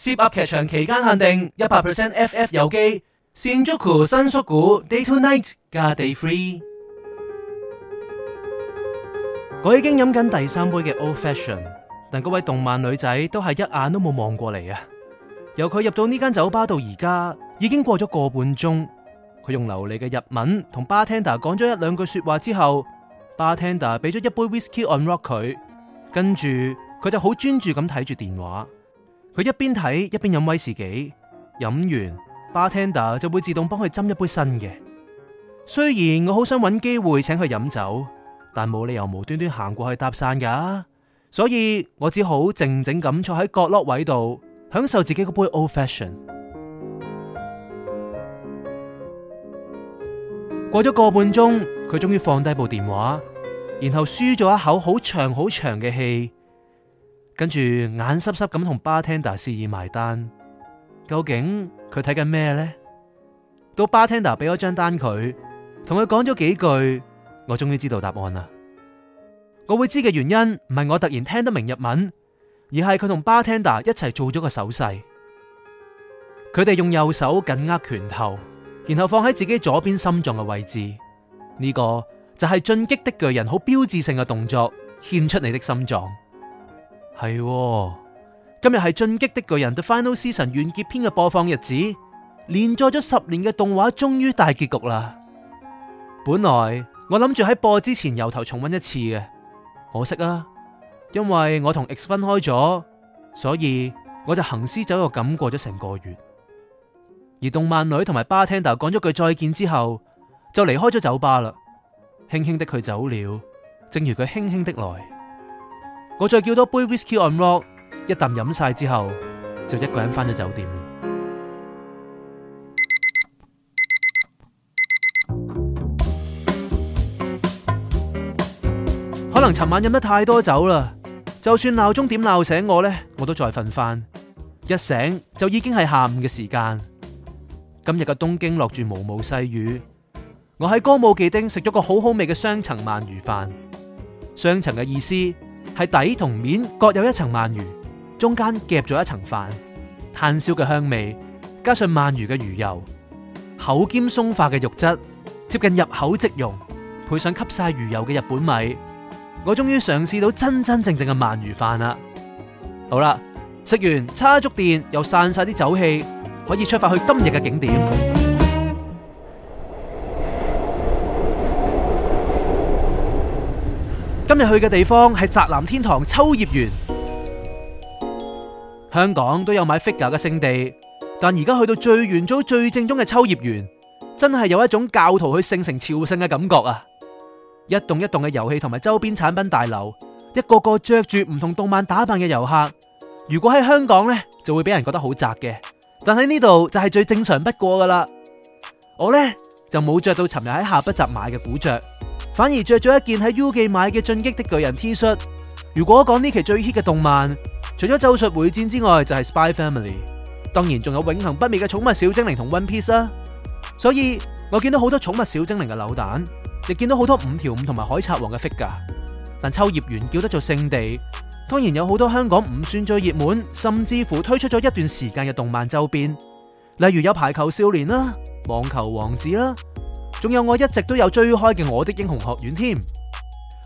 Zip 噏劇場期間限定一百 percent FF 遊記，Shinjuku 新宿故 Day 2 night 加 Day 3。我已經飲緊第三杯嘅 Old fashioned，但嗰位動漫女仔都係一眼都冇望過嚟啊！由佢入到呢間酒吧到而家，已經過咗個半鐘。佢用流利嘅日文同 bartender 講咗一兩句說話之後，bartender 俾咗一杯 whiskey on rock 佢，跟住佢就好專注咁睇住電話。佢一邊睇一邊飲威士忌，飲完，Bar tender 就會自動幫佢斟一杯新嘅。雖然我好想揾機會請佢飲酒，但冇理由無端端行過去搭訕㗎，所以我只好靜靜咁坐喺角落位度，享受自己嗰杯 Old Fashioned。過咗個半鐘，佢終於放低部電話，然後舒咗一口好長好長嘅氣。跟住眼濕濕咁同 bar tender 示意埋單，究竟佢睇緊咩呢？到 bar tender 俾咗張單佢，同佢講咗幾句，我終於知道答案啦！我會知嘅原因唔係我突然聽得明日文，而係佢同 bar tender 一齊做咗個手勢，佢哋用右手緊握拳頭，然後放喺自己左邊心臟嘅位置，呢個就係進擊的巨人好標誌性嘅動作，獻出你的心臟。係喎，今日係《進擊的巨人》the Final Season 完結篇嘅播放日子，連載咗十年嘅動畫終於大結局啦！本來我諗住喺播之前由頭重溫一次嘅，可惜啊，因為我同 ex 分開咗，所以我就行屍走肉咁過咗成個月。而動漫女同埋 Bar tender 講咗句再見之後，就離開咗酒吧啦。輕輕的佢走了，正如佢輕輕的來。我再叫多杯 whisky on rock，一啖飲曬之後，就一個人返咗酒店。可能尋晚飲得太多酒啦，就算鬧鐘點鬧醒我呢，我都再瞓返。一醒就已經係下午嘅時間。今日嘅東京落住毛毛細雨，我喺歌舞伎町食咗個好好味嘅雙層鰻魚飯。雙層嘅意思係底同面各有一層鰻魚，中間夾咗一層飯，炭燒嘅香味，加上鰻魚嘅魚油，厚同鬆化嘅肉質，接近入口即溶，配上吸晒魚油嘅日本米，我終於嘗試到真真正正嘅鰻魚飯啦！好啦，食完叉足電又散晒啲酒氣，可以出發去今日嘅景點。今日去嘅地方係宅男天堂、秋葉原，香港都有買 figure 嘅聖地，但而家去到最元祖、最正宗嘅秋葉原，真係有一種教徒去聖城朝聖嘅感覺啊！一棟一棟嘅遊戲同埋周邊產品大樓，一個個着住唔同動漫打扮嘅遊客，如果喺香港呢，就會俾人覺得好宅嘅，但喺呢度就係最正常不過噶啦。我呢，就冇着到尋日喺下北澤買嘅古着，反而着咗一件喺 U 記買嘅《進擊的巨人》T 恤。如果講呢期最 hit 嘅動漫，除咗《咒術回戰》之外，就係《Spy Family》，當然仲有永恆不滅嘅《寵物小精靈》同《One Piece》啦。所以我見到好多《寵物小精靈》嘅扭蛋，亦見到好多《五條悟》同埋《海賊王》嘅 figure，但秋葉原叫得做聖地，當然有好多香港唔算最熱門，甚至乎推出咗一段時間嘅動漫周邊，例如有《排球少年》啦，《網球王子》啦。仲有我一直都有追開嘅《我的英雄學院》添，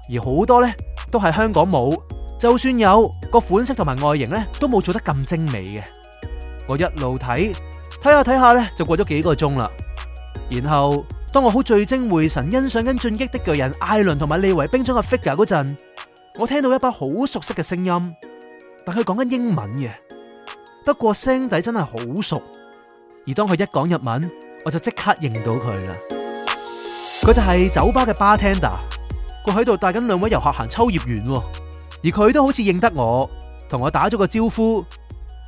而好多呢都係香港冇，就算有個款式同埋外形呢都冇做得咁精美嘅。我一路睇睇下睇下呢，看一看一看就過咗幾個鐘啦。然後當我好聚精會神欣賞緊《進擊的巨人》艾倫同埋利維兵長嘅 figure 嗰陣，我聽到一把好熟悉嘅聲音，但佢講緊英文嘅，不過聲底真係好熟。而當佢一講日文，我就即刻認到佢啦。佢就係酒吧嘅 bartender，佢喺度帶緊兩位遊客行秋葉原，而佢都好似認得我，同我打咗個招呼。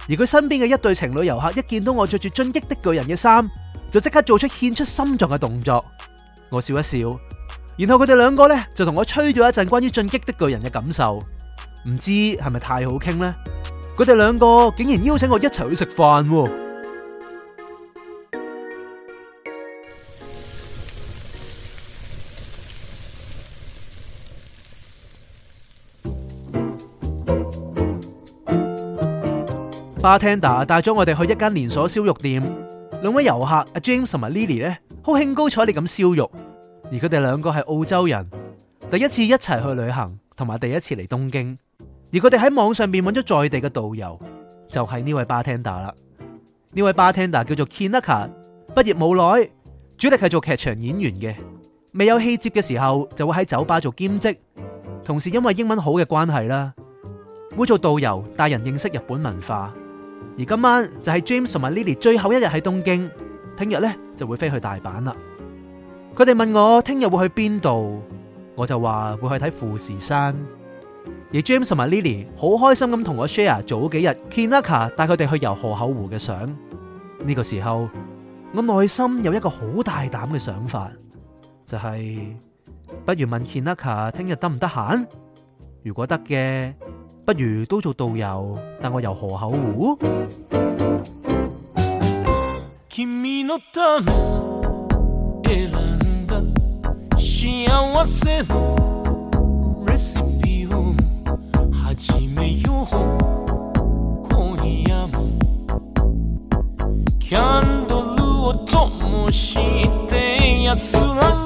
而佢身邊嘅一對情侶遊客一見到我着住進擊的巨人嘅衫，就即刻做出獻出心臟嘅動作。我笑一笑，然後佢哋兩個呢，就同我吹咗一陣關於進擊的巨人嘅感受，唔知係咪太好傾呢？佢哋兩個竟然邀請我一齊去食飯喎。bartender 帶咗我哋去一間連鎖燒肉店，兩位遊客 James 同埋 Lilly 咧，好興高采烈咁燒肉。而佢哋兩個係澳洲人，第一次一齊去旅行，同埋第一次嚟東京。而佢哋喺網上面揾咗在地嘅導遊，就係呢位 bartender 啦。呢位 bartender 叫做 Kinaka，畢業冇耐，主力係做劇場演員嘅。未有戲接嘅時候，就會喺酒吧做兼職，同時因為英文好嘅關係啦，會做導遊帶人認識日本文化。而今晚就係 James 同埋 Lily 最後一日喺東京，聽日咧就會飛去大阪啦。佢哋問我聽日會去邊度，我就話會去睇富士山。而 James 同埋 Lily 好開心咁同我 share 早幾日 Kinaka 帶佢哋去遊河口湖嘅相。呢、呢個時候，我內心有一個好大膽嘅想法，就係、是、不如問 Kinaka 聽日得唔得閒？如果得嘅。不如都做導遊，帶我遊河口湖？